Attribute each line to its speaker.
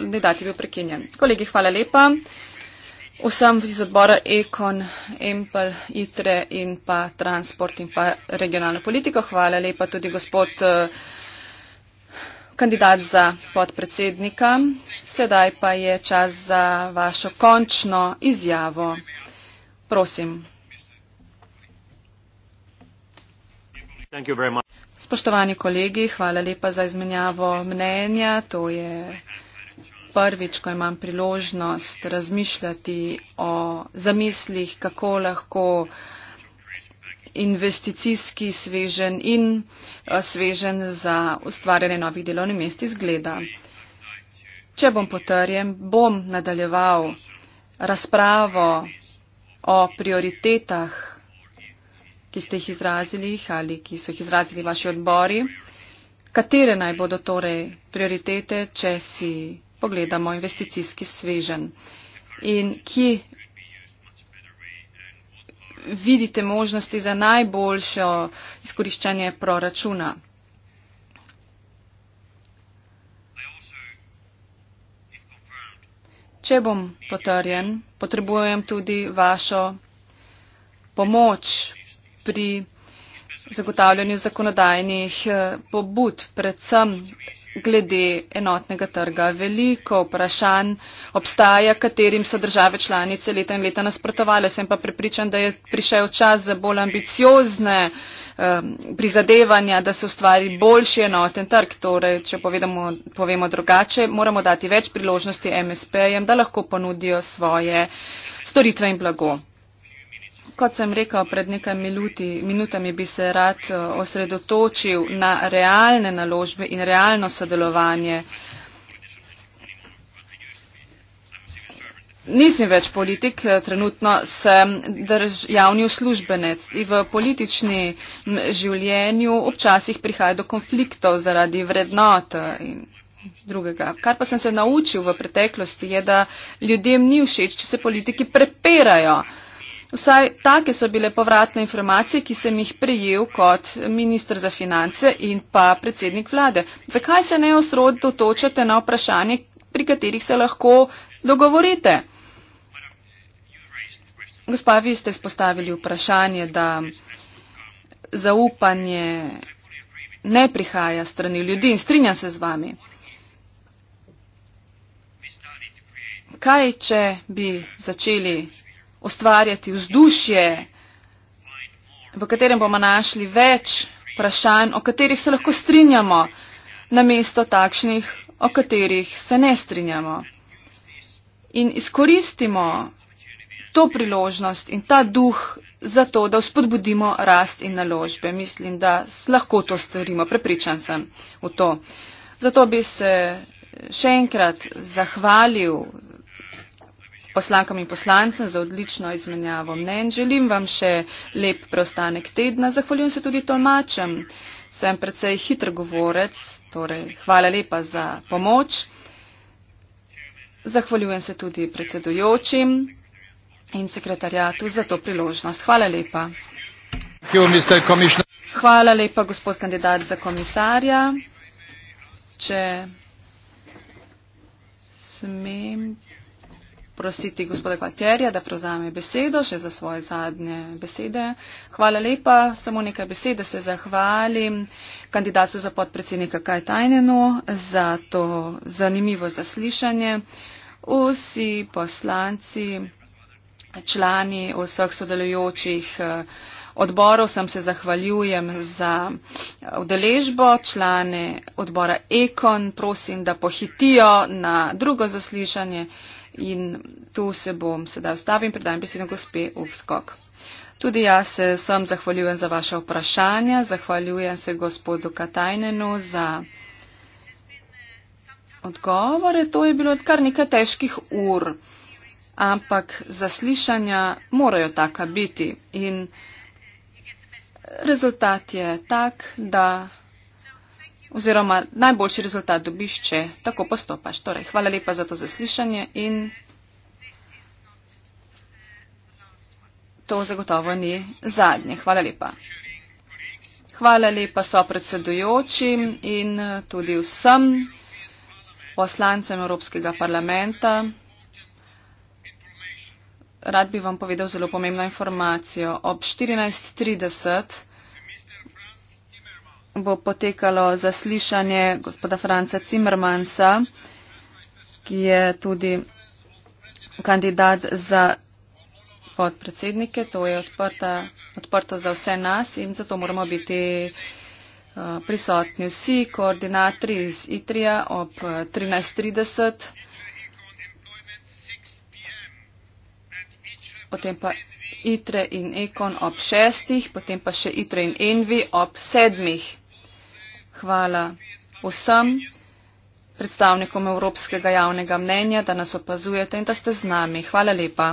Speaker 1: ne dati bil prekinjen. Kolegi, hvala lepa. Vsem iz odbora Ekon, Empel, ITRE in pa transport in pa regionalno politiko. Hvala lepa tudi gospod eh, kandidat za podpredsednika. Sedaj pa je čas za vašo končno izjavo. Prosim. Spoštovani kolegi, hvala lepa za izmenjavo mnenja. To je prvič, ko imam priložnost razmišljati o zamislih, kako lahko investicijski svežen in eh, svežen za ustvarjanje novih delovnih mest izgleda. Če bom potrjen, bom nadaljeval razpravo o prioritetah, ki ste jih izrazili ali ki so jih izrazili vaši odbori. Katere naj bodo torej prioritete, če si pogledamo investicijski svežen in ki vidite možnosti za najboljšo izkoriščanje proračuna. Če bom potrjen, potrebujem tudi vašo pomoč pri zagotavljanju zakonodajnih eh, pobud, predvsem glede enotnega trga. Veliko vprašanj obstaja, katerim so države članice leta in leta nasprotovale. Sem pa pripričan, da je prišel čas za bolj ambiciozne um, prizadevanja, da se ustvari boljši enoten trg. Torej, če povedamo, povemo drugače, moramo dati več priložnosti MSP-jem, da lahko ponudijo svoje storitve in blago. Kot sem rekel pred nekaj minuti, minutami, bi se rad eh, osredotočil na realne naložbe in realno sodelovanje. Nisem več politik, eh, trenutno sem drž, javni uslužbenec in v političnem življenju občasih prihaja do konfliktov zaradi vrednot eh, in drugega. Kar pa sem se naučil v preteklosti je, da ljudem ni všeč, če se politiki prepirajo. Vsaj take so bile povratne informacije, ki sem jih prejel kot ministr za finance in pa predsednik vlade. Zakaj se ne osredotočate na vprašanje, pri katerih se lahko dogovorite? Gospa, vi ste spostavili vprašanje, da zaupanje ne prihaja strani ljudi in strinjam se z vami. Kaj, če bi začeli ustvarjati vzdušje, v katerem bomo našli več vprašanj, o katerih se lahko strinjamo, namesto takšnih, o katerih se ne strinjamo. In izkoristimo to priložnost in ta duh za to, da vzpodbudimo rast in naložbe. Mislim, da lahko to storimo. Prepričan sem v to. Zato bi se še enkrat zahvalil poslankam in poslancem za odlično izmenjavo mnen. Želim vam še lep preostanek tedna. Zahvaljujem se tudi tolmačem. Sem precej hitr govorec, torej hvala lepa za pomoč. Zahvaljujem se tudi predsedujočim in sekretarjatu za to priložnost. Hvala lepa. Hvala lepa, gospod kandidat za komisarja. Če smem prositi gospoda Kvaterja, da prevzame besedo še za svoje zadnje besede. Hvala lepa, samo nekaj besed, da se zahvalim kandidatu za podpredsednika Kaj Tajnenu za to zanimivo zaslišanje. Vsi poslanci, člani vseh sodelujočih. Uh, odborov sem se zahvaljujem za eh, udeležbo, člane odbora Ekon, prosim, da pohitijo na drugo zaslišanje in tu se bom sedaj ustavim, predajem besedo gospe Upskok. Tudi jaz se vsem zahvaljujem za vaše vprašanja, zahvaljujem se gospodu Katajnenu za odgovore. To je bilo kar nekaj težkih ur, ampak zaslišanja morajo taka biti. In rezultat je tak, da oziroma najboljši rezultat dobiš, če tako postopaš. Torej, hvala lepa za to zaslišanje in to zagotovo ni zadnje. Hvala lepa. Hvala lepa so predsedujočim in tudi vsem poslancem Evropskega parlamenta rad bi vam povedal zelo pomembno informacijo. Ob 14.30 bo potekalo zaslišanje gospoda Franca Cimmermansa, ki je tudi kandidat za podpredsednike. To je odprta, odprto za vse nas in zato moramo biti eh, prisotni vsi koordinatorji iz ITRIA ob 13.30. potem pa ITRE in EKON ob šestih, potem pa še ITRE in ENVI ob sedmih. Hvala vsem predstavnikom Evropskega javnega mnenja, da nas opazujete in da ste z nami. Hvala lepa.